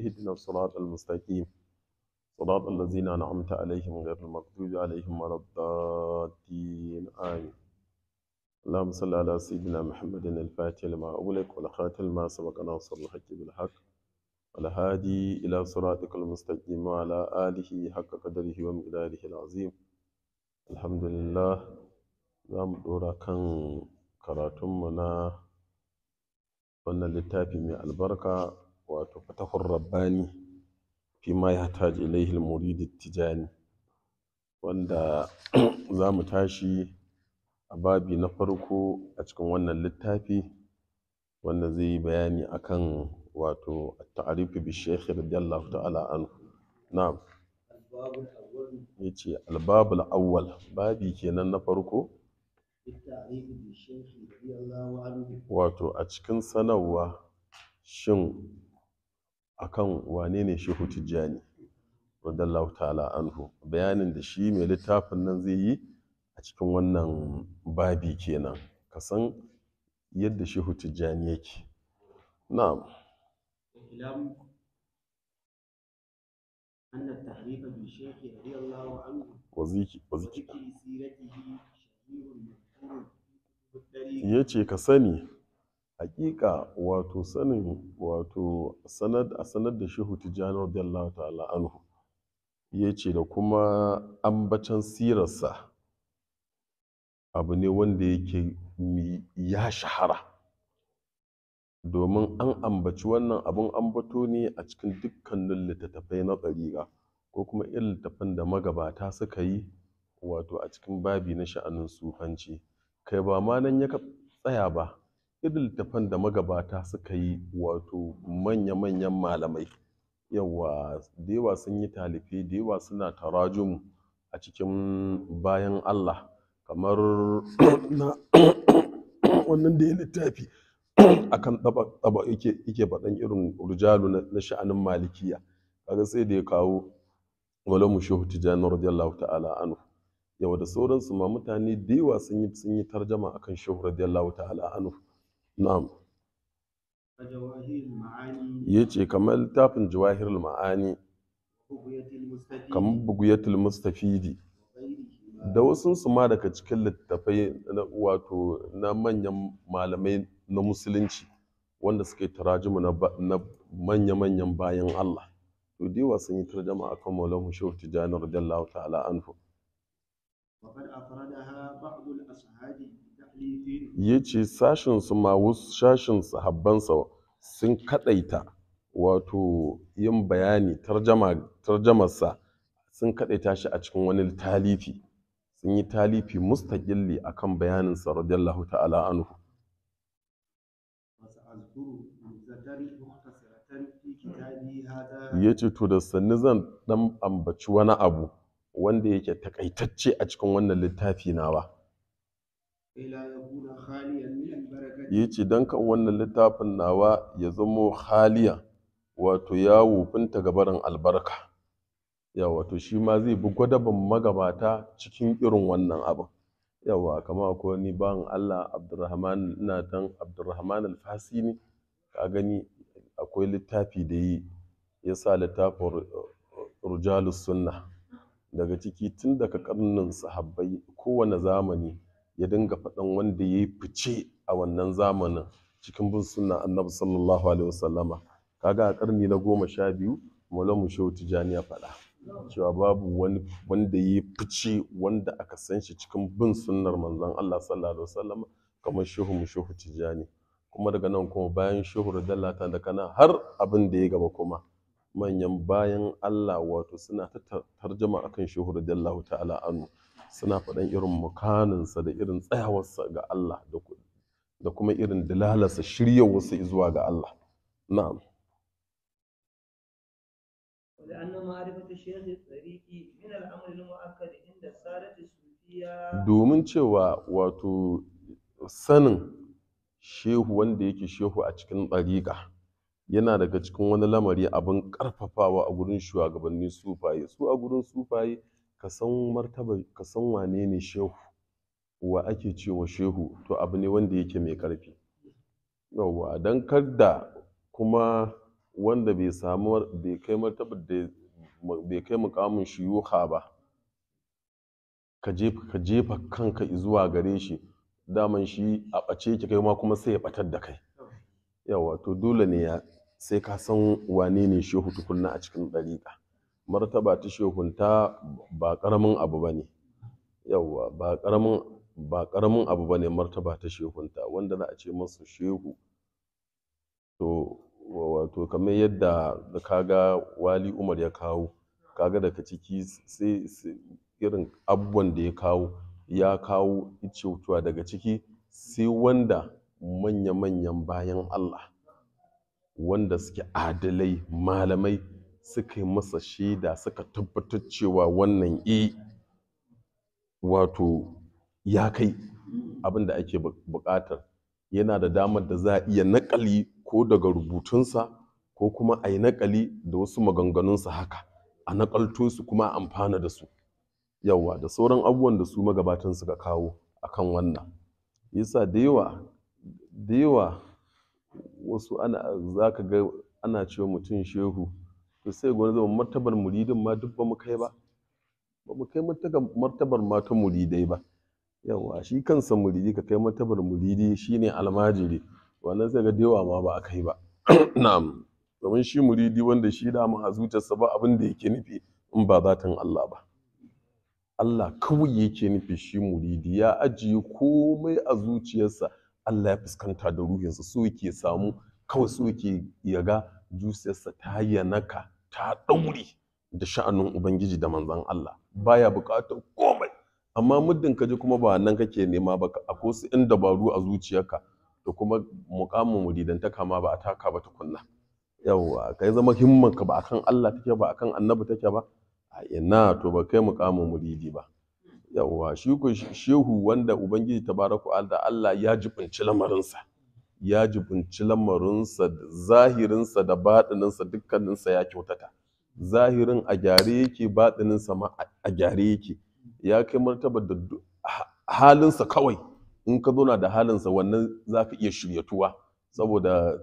اهدنا الصراط المستقيم صراط الذين أنعمت عليهم غير المغضوب عليهم ولا الضالين آمين اللهم صل على سيدنا محمد الفاتح لما أغلق والخاتم لما سبق ناصر الحق بالحق والهادي إلى صراطك المستقيم وعلى آله حق قدره ومقداره العظيم الحمد لله زام دورا كان كراتمنا wannan littafi mai albarka wato fatahur rabbani fi ma ya taji ilaihi muridi tijani wanda za mu tashi a babi na farko a cikin wannan littafi wanda zai yi bayani akan wato ta'arifi bi shaykh radiyallahu ta'ala anhu na'am yace albabul awwal babi kenan na farko wato a cikin sanarwa shin a kan wane ne shehu tijjani radallahu ta'ala anhu bayanin da shi mai littafin nan zai yi a cikin wannan babi kenan ka san yadda shehu tijjani yake na'am أن التحريف بالشيخ رضي الله عنه وذكر سيرته شهير مذكور في كتب التاريخ يجي كسني haƙiƙa wato sanin wato a sanar da shehu tijjani radiyallahu ta'ala anhu ya ce da kuma ambacin sirarsa abu ne wanda yake ya shahara domin an ambaci wannan abin ambato ne a cikin dukkanin littattafai na ɗariƙa ko kuma irin littattafan da magabata suka yi wato a cikin babi na sha'anin sufanci kai ba ma nan ya tsaya ba irin littafan da magabata suka yi wato manya-manyan malamai yawa da yawa sun yi talifi da yawa suna tarajumu a cikin bayan Allah kamar na wannan da ya littafi akan taba yake faɗan irin rujalu na sha'anin malikiya kaga sai da ya kawo wale mu tijani radiyallahu ta'ala anu yawa da sauransu ma mutane da yawa sun yi tarjama akan shehu radiyallahu ta'ala anu na'am ya ce kamar littafin jawahirul ma'ani kamar buguyatul mustafidi da wasu su ma daga cikin littattafai wato na manyan malamai na musulunci wanda suke tarajimu na manya-manyan bayan Allah to dewa sun yi tarjama kan maulan hushur tijani radiyallahu ta'ala anhu ya ce sashinsu ma wasu sahabbansa sun kaɗaita wato yin bayani tarjamarsa sun kaɗaita shi a cikin wani talifi sun yi talifi mustaƙilli a kan bayaninsa radiyallahu ta'ala anhu ya ce to da sannu zan ɗan ambaci wani abu wanda yake takaitacce a cikin wannan littafi na ba. yi ce don kan wannan littafin nawa ya zamo haliya wato ya wufinta gabarin albarka ya to shi ma zai bi gwadaban magabata cikin irin wannan abin yawa kama ko ni bawan Allah Abdurrahman ina dan Abdurrahman al-Fasi ne ka gani akwai littafi da yi ya sa littafin Rujalus Sunna daga ciki tun daga karnin sahabbai kowane zamani ya dinga faɗan wanda ya yi fice a wannan zamanin cikin bin suna annabi sallallahu alaihi wasallama kaga a ƙarni na goma sha biyu mu shehu Tijani ya faɗa cewa babu wani wanda ya yi fice wanda aka san shi cikin bin sunnar manzon Allah sallallahu alaihi wasallama kamar shehu mu shehu Tijani. kuma daga nan kuma bayan shehu radalla da kana har abin da ya gaba kuma manyan bayan Allah wato suna ta tarjama akan shehu radallahu ta'ala anhu suna faɗan irin mukaninsa da irin tsayawarsa ga Allah da kuma irin dalalarsa shiryawarsa zuwa ga Allah na'am domin cewa wato sanin shehu wanda yake shehu a cikin ɗariƙa yana daga cikin wani lamari abin ƙarfafawa a gurin shugabanni sufaye su a gurin sufaye ka san ka san wanene shehu wa ake cewa shehu to abu ne wanda yake mai ƙarfi yauwa don kada kuma wanda bai samu bai kai martabar da bai kai mukamin shuyuha ba ka jefa ka jefa kanka zuwa gare shi daman shi a ɓace ki kai ma kuma sai ya ɓatar da kai yawa to dole ne ya sai ka san wane ne shehu tukunna a cikin ɗariƙa martaba ta shehunta ba ƙaramin abu ba ne ba ƙaramin ba ƙaramin abu ba martaba ta shehunta wanda za a ce masa shehu to wato kamar yadda da kaga wali umar ya kawo kaga daga ciki sai irin abubuwan da ya kawo ya kawo cewa daga ciki sai wanda manya-manyan bayan Allah wanda suke adalai malamai suka yi masa shaida suka tabbatar cewa wannan e wato ya kai abin da ake buƙatar yana da damar da za a iya naƙali ko daga rubutunsa ko kuma a yi naƙali da wasu maganganunsa haka a naƙalto su kuma a amfana da su yawa da sauran abubuwan da su magabatan suka kawo akan wannan yasa da yawa da yawa wasu ana za ka ga ana cewa mutum shehu to sai gwani zama martabar muridin ma duk ba mu kai ba ba mu kai martabar ma ta muridai ba yawa shi kansa muridi ka kai martabar muridi shine almajiri wannan sai ga dewa ma ba a kai ba na'am domin shi muridi wanda shi da mu hazutarsa ba abin da yake nufi in ba zatan Allah ba Allah kawai yake nufi shi muridi ya ajiye komai a zuciyarsa Allah ya fuskanta da ruhinsa so yake samu kawai so yake ya ga zuciyarsa ta yanaka ta ɗaure da sha'anin ubangiji da manzan Allah baya buƙatar komai amma muddin ka ji kuma ba nan kake nema ba akwai su in dabaru a zuciyarka da kuma muƙamin muridantaka ma ba a taka ba ta kunna. yawwa kai zama ka ba akan Allah take ba akan annabi take ba a ina to ba kai muƙamin muridi ba yawwa shi shehu wanda ubangiji tabaraka da Allah ya jibinci lamarinsa ya jibinci lamarinsa zahirinsa da baɗininsa dukkaninsa ya kyautata zahirin a gyare yake baɗininsa ma a gyare yake ya kai martabar da halinsa kawai in ka zo na da halinsa wannan za ka iya shiryatuwa saboda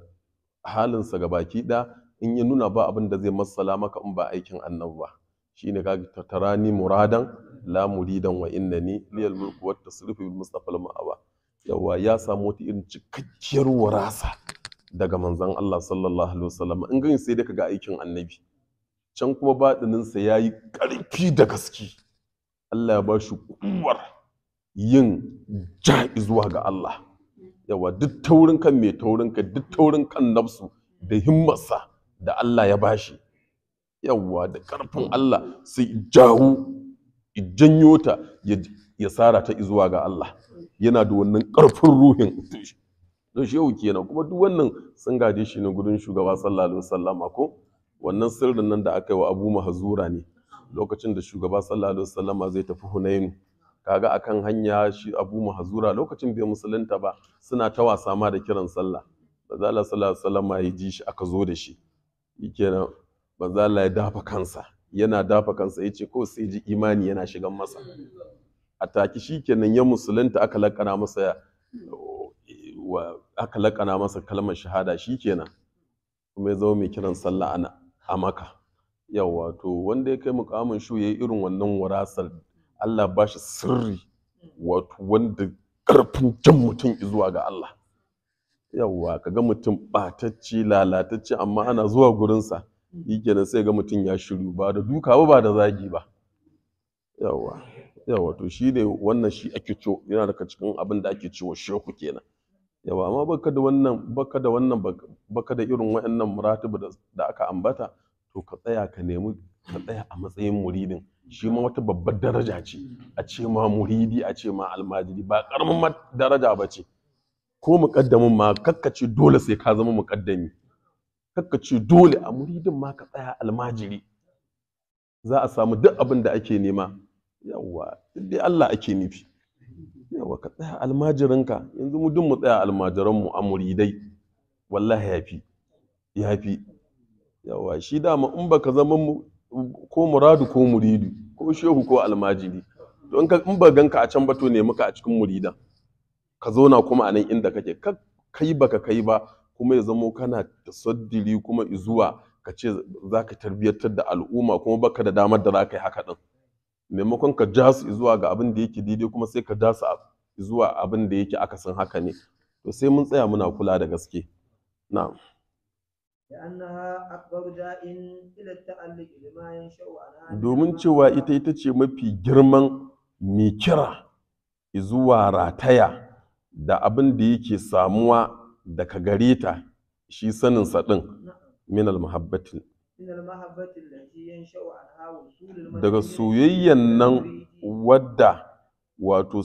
halinsa ga baki ɗaya in ya nuna ba abin da zai matsala maka in ba aikin annabi ba Shi shine kaga ni muradan la muridan wa ni, liyal mulku Wata tasrifu bil mustafa Lamu'awa. yawa ya samu wata irin cikakkiyar warasa daga manzan Allah sallallahu alaihi wasallam in gani sai daga ga aikin annabi can kuma baɗininsa ya yi ƙarfi da gaske Allah ya bashi shi kuwar yin ja'i zuwa ga Allah yawa duk taurin kan mai taurin ka duk taurin kan nafsu da himmarsa da Allah ya bashi yawa da ƙarfin Allah sai jahu ya sara ta zuwa ga Allah yana da wannan ƙarfin ruhin don yau kenan kuma duk wannan sun gaje shi ne gudun shugaba sallallahu alaihi wasallam ko wannan sirrin nan da aka yi wa Abu Mahzura ne lokacin da shugaba sallallahu alaihi wasallam zai tafi Hunainu kaga akan hanya shi Abu Mahzura lokacin bai musulunta ba suna ta wasa ma da kiran sallah manzo Allah sallallahu alaihi wasallam ya ji shi aka zo da shi kenan manzo Allah ya dafa kansa yana dafa kansa yace ko sai ji imani yana shigan masa a taki shi kenan ya musulunta aka lakana masa aka lakana masa kalmar shahada shi kenan kuma ya zama mai kiran sallah ana a maka yawa to wanda ya kai mukamin shu ya yi irin wannan warasar Allah ba shi sirri wato wanda ƙarfin jan mutum zuwa ga Allah yawa ga mutum ɓatacce lalatacce amma ana zuwa gurinsa yi kenan sai ga mutum ya shiru ba da duka ba ba da zagi ba yawa yawa to shi ne wannan shi ake ciwo yana daga cikin abin da ake ciwo shehu kenan yawa amma baka da wannan baka da wannan baka da irin waɗannan muratibu da aka ambata to ka tsaya ka nemi ka tsaya a matsayin muridin shi ma wata babbar daraja ce a ce ma muridi a ce ma almajiri ba karamin daraja ba ce ko muƙaddamin ma kakkace dole sai ka zama muƙaddami kakkace dole a muridin ma ka tsaya almajiri za a samu duk abin da ake nema Yawwa, dai Allah ake nufi Yawwa ka tsaya almajirinka yanzu mu mu tsaya almajiranmu a muridai wallahi yafi yafi Yawwa shi dama in baka zama ko muradu ko muridu ko shehu ko almajiri ka in ba ganka a can ba to ne muka a cikin muridan ka zauna kuma a nan inda kake ka kai baka kai ba kuma ya zamo kana da saddiri kuma izuwa ka ce za ka tarbiyyantar da al'umma kuma baka da damar da za ka yi haka din maimakon ka ja su zuwa ga abin da yake daidai kuma sai ka ja su zuwa abin da yake akasin haka ne to sai mun tsaya muna kula da gaske na'am domin cewa ita ita ce mafi girman mai kira zuwa rataya da abin da yake samuwa daga gare ta shi saninsa ɗin minal muhabbatin daga soyayyan nan wadda wato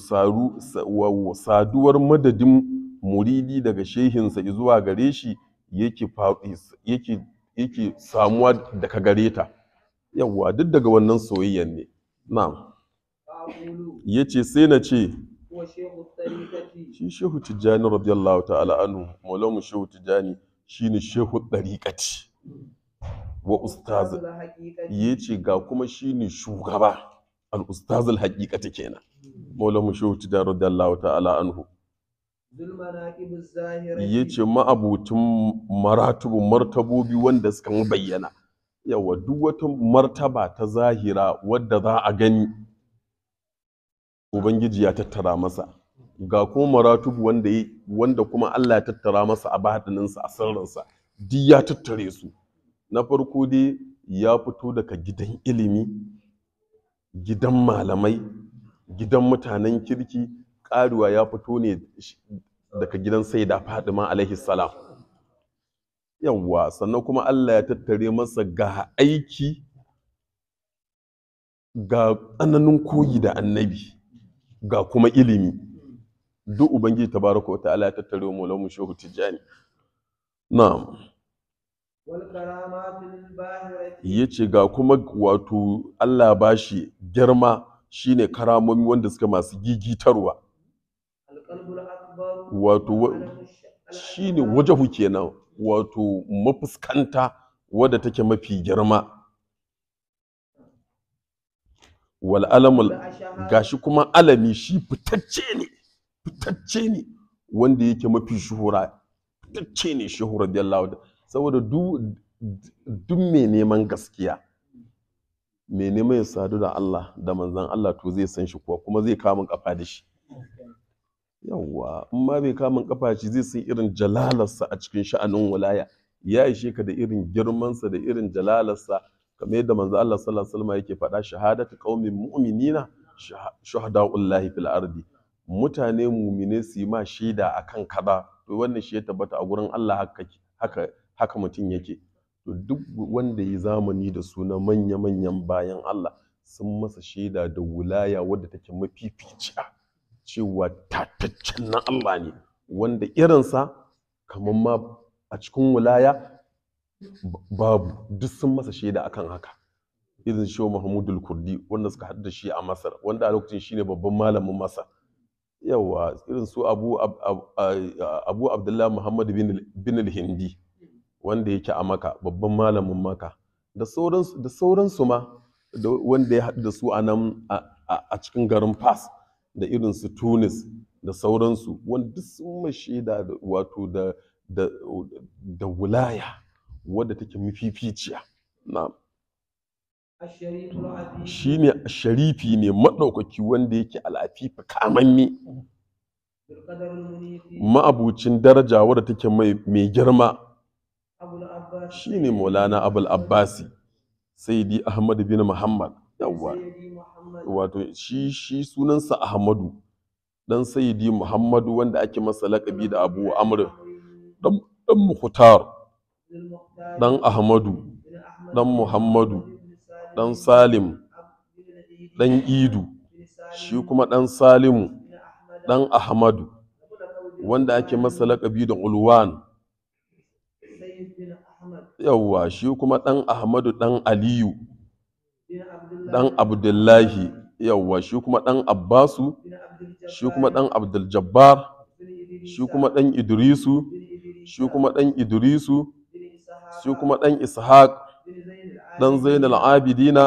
saduwar madadin muridi daga shehinsa zuwa gare shi yake samuwa daga gare ta yawwa duk daga wannan soyayyan ne na'am ce sai na ce shi shehu tijjani radiyallahu ta'ala anhu maulamu shehu tijjani ne shehu dariqati wa Ya yace ga kuma shine shugaba al ustazul al kenan hmm. maulamu shehu tidar radiyallahu ta'ala anhu yace ma'abutin maratubu martabobi wanda suka mu bayyana yawa duk wata martaba ta zahira wadda za a gani ubangiji ya tattara masa ga kuma maratubu wanda wanda kuma Allah ya tattara masa a batininsa a sirrinsa duk ya tattare su na farko dai ya fito daga gidan ilimi gidan malamai gidan mutanen kirki ƙaruwa ya fito ne daga gidan sai da fadima alaihi salam yawwa sannan kuma Allah ya tattare masa ga aiki ga tsananin koyi da annabi ga kuma ilimi duk ubangiji tabaraka wata ala ya tattare mu mulamun shehu tijjani na'am ya ce ga kuma wato Allah ba shi girma shine karamomi wanda suka masu gigitarwa wato shine wajahu kenan wato mafuskanta wadda take mafi girma wal alamul gashi kuma alami shi fitacce ne fitacce ne wanda yake mafi shuhura fitacce ne shuhura da saboda duk mai neman gaskiya mai neman ya sadu da Allah da manzan Allah to zai san shi kuwa kuma zai kamun kafa da shi yawwa in ma bai kamun kafa shi zai san irin jalalarsa a cikin sha'anin walaya ya ishe ka da irin girmansa da irin jalalarsa kamar yadda manzan Allah sallallahu alaihi wasallam yake faɗa shahadatu qaumin mu'minina shuhada'ullahi fil ardi mutane mumine su yi ma shaida akan kaza to wannan shi ya tabbata a gurin Allah haka haka haka mutum yake to duk wanda ya zamani da suna manya-manyan bayan Allah sun masa shaida da wulaya wadda take mafificiya cewa tataccen na Allah ne wanda irinsa kamar ma a cikin wulaya babu duk sun masa shaida akan haka irin shi Mahmudul Kurdi wanda suka haɗu da shi a Masar wanda a lokacin shine babban malamin Masar yawa irin su Abu Abdullahi Muhammad bin al-Hindi wanda yake a maka babban malamin maka da sauransu ma wanda ya haɗu da su a nan a cikin garin fas da irin su tunis da sauransu wanda sun mashi da wato da da wulaya wadda take mafificiya na shi ne sharifi ne maɗaukaki wanda yake al'afifa kamanni ma'abucin daraja wadda take mai girma Shi ne maulana abul abbasi di Ahmadu bin muhammad yawwa wato shi shi sunansa ahmadu dan sayyidi muhammadu wanda ake masa laƙabi da abu amr dan dan muhtar dan ahmadu dan muhammadu dan salim dan idu shi kuma dan salimu dan ahmadu wanda ake masa lakabi da ulwan yawwa shi kuma ɗan ahmadu ɗan aliyu ɗan abdullahi yawwa shi kuma ɗan abbasu shi kuma ɗan Abdulljabbar, shi kuma ɗan idrisu shi kuma ɗan idrisu shi kuma ɗan ishaq ɗan zainal abidina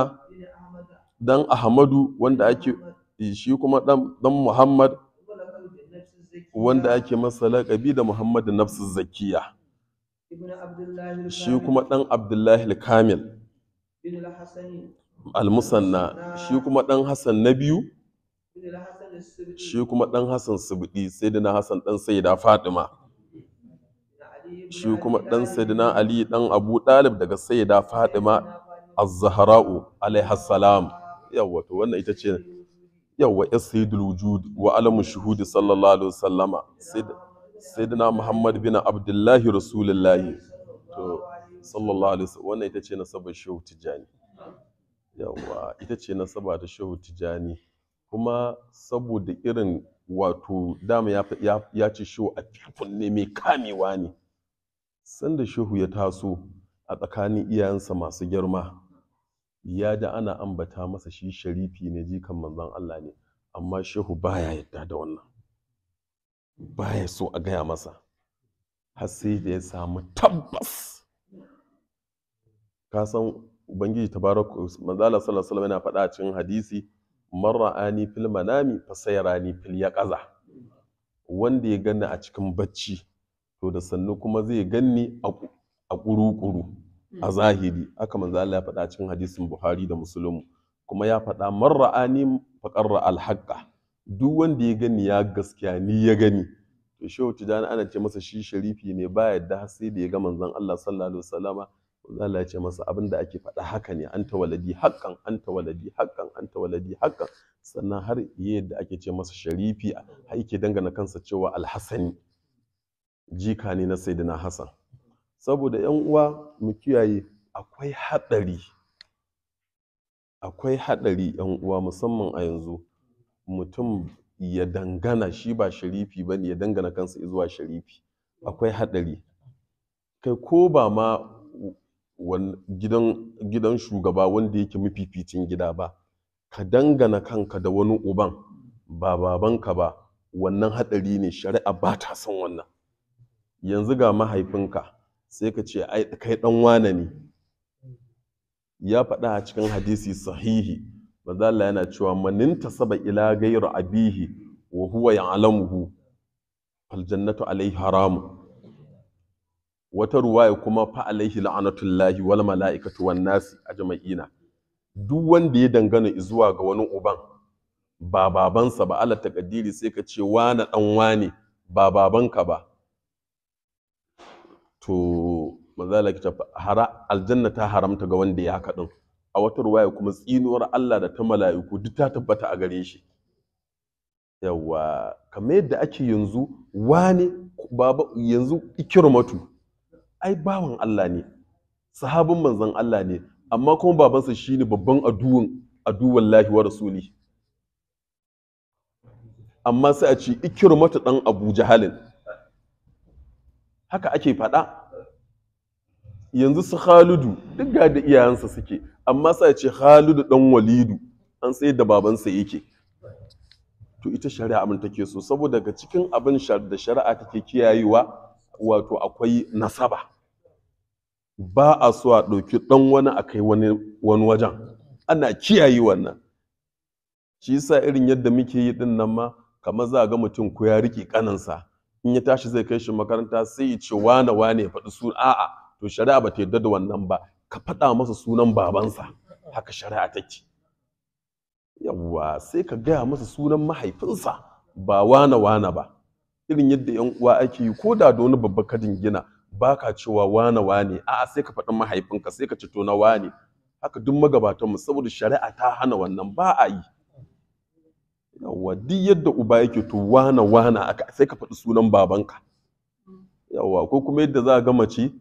ɗan ahmadu wanda ake eh, shi kuma ɗan muhammad wanda ake masa laƙabi da muhammadu nafsu zakiya shi kuma ɗan abdullahi kamil al-musanna shi kuma ɗan hassan na biyu shi kuma ɗan hassan subudi sai dina hassan ɗan saida fatima shi kuma ɗan saidina ali ɗan abu ɗalib daga saida fatima az-zahra'u alaiha salam yawwa to wannan ita ce yawwa ya sayyidul wujud wa alamun shuhudi sallallahu alaihi wasallama sai sayyidina muhammad bin abdullahi rasulullahi to sallallahu alaihi wasallam wannan ita ce nasaba shehu tijani yawa ita ce nasaba ta shehu tijani kuma saboda irin wato dama ya ce shehu a fikun ne mai kamewa ne sanda shehu ya taso a tsakanin iyayensa masu girma ya da ana ambata masa shi sharifi ne jikan manzon Allah ne amma shehu baya yadda da wannan baya so a gaya masa har sai da ya samu tabbas ka san ubangiji tabaraku manzala sallallahu alaihi yana faɗa a cikin hadisi marra'ani fil manami sayrani fil yaqaza wanda ya ganni a cikin bacci to da sannu kuma zai ganni a kuru-kuru a zahiri aka manzo Allah ya faɗa cikin hadisin Buhari da Muslim kuma ya faɗa marra'ani faqarra al duk wanda ya gani ya gaskiya ni ya gani to shehu jana ana ce masa shi sharifi ne ba yadda har sai da ya ga manzon Allah sallallahu alaihi wasallama Allah ya ce masa abin da ake faɗa haka ne an waladi haƙƙan an waladi haƙƙan an waladi haƙƙan sannan har iya yadda ake ce masa sharifi har yake dangana kansa cewa Alhasani. jika ne na sayyidina Hassan saboda yan uwa mu kiyaye akwai haɗari akwai haɗari yan uwa musamman a yanzu mutum ya dangana shi ba sharifi ba ne ya dangana kansa zuwa sharifi akwai haɗari kai ko ba ma gidan shugaba wanda yake mafificin gida ba ka dangana kanka da wani uban ba babanka ba wannan haɗari ne shari'a ba ta son wannan yanzu ga mahaifinka sai ka ce kai ɗan wane ne ya faɗa a cikin hadisi sahihi manzo Allah yana cewa manin saba ila ghayri abihi wa huwa ya'lamuhu fal jannatu alayhi haram wata ruwaya kuma fa alaihi la'anatullahi wal mala'ikatu wan nasi jama'ina. duk wanda ya dangana zuwa ga wani uban ba babansa ba Allah takaddiri sai ka ce wani dan wani ba babanka ba to manzo Allah ya aljanna ta haramta ga wanda ya haka a watar ruwaya kuma tsinuwar Allah da ta mala'iku duk ta tabbata a gare shi yawa kamar yadda ake yanzu wani baba yanzu ikirmatu ai bawan Allah ne sahabin manzon Allah ne amma kuma babansa shine babban aduwan aduwan lahi wa rasuli amma sai a ce ikirmatu dan Abu Jahalin haka ake faɗa yanzu su Khalidu duk ga da iyayensa suke amma sai ce Khalidu dan Walidu an sai da babansa yake to ita shari'a mun take so saboda ga cikin abin da shari'a take kiyayewa wato akwai nasaba ba a so a ɗauki ɗan wani a kai wani wajen ana kiyaye wannan shi yasa irin yadda muke yi din nan ma kamar za ga mutum ko ya rike ƙaninsa in ya tashi zai kai shi makaranta sai ya ce wane wane faɗi su a'a to shari'a ba ta yarda da wannan ba ka faɗa masa sunan babansa haka shari'a take yawwa sai ka gaya masa sunan mahaifinsa ba wana wana ba irin yadda yan uwa ake yi ko da wani babba ka dingina ba ka cewa wana wane a'a sai ka faɗi mahaifinka sai ka ce na wane haka duk mu saboda shari'a ta hana wannan ba a yi yawwa duk yadda uba yake to wana wana sai ka faɗi sunan babanka yawwa ko kuma yadda za a ga mace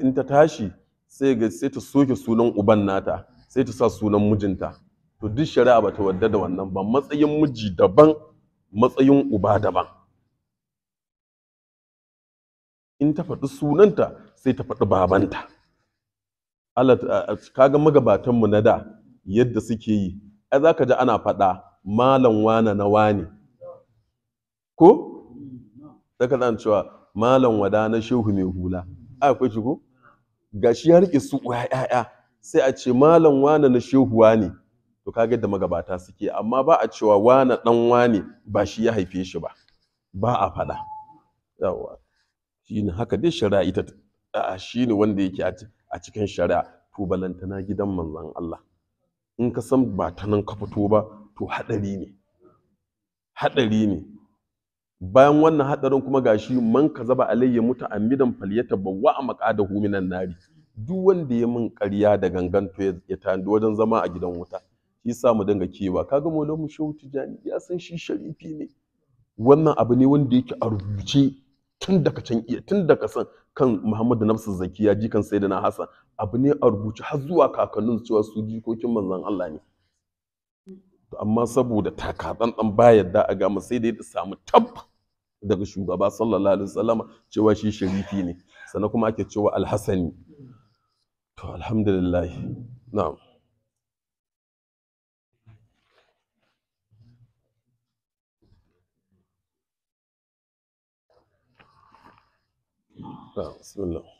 in ta tashi sai ga sai ta soke sunan uban nata sai ta sa sunan mijinta to duk shari'a bata wadda da wannan ba matsayin miji daban matsayin uba daban in ta faɗi sunanta sai ta faɗi babanta Allah kaga magabatan mu na da yadda suke yi ai zaka ji ana faɗa malam wana na wani ko zaka zan cewa malam wada na shehu mai hula akwai shi gashi ya rike su ya'ya sai a ce malam wane na shehu wane to kaga da magabata suke amma ba a cewa wane dan wane ba shi ya haife shi ba ba a faɗa yawa shine haka dai shari'a ita shine wanda yake a cikin shari'a to balantana gidan manzon Allah in ka san ba ta nan ka fito ba to hadari ne hadari ne bayan wannan hadarin kuma gashi man kazaba alayya muta amidan falyata bawwa a makada huminan nari duk wanda ya min ƙarya da ganganto ya tandu wajen zama a gidan wuta shi sa mu dinga kewa kaga maulan mu shehu tijani ya san shi sharifi ne wannan abu ne wanda yake a rubuce tun daga can iya tun daga san kan Muhammadu Nafsu Zakiya jikan Sayyidina Hassan abu ne a rubuce har zuwa kakannin cewa su jikokin manzon Allah ne amma saboda takatsantsan ba yadda a ga mu sai da ya samu tabbas daga shugaba sallallahu alaihi wasallam cewa shi sharifi ne sannan kuma ake cewa alhasani to alhamdulillah na'am بسم الله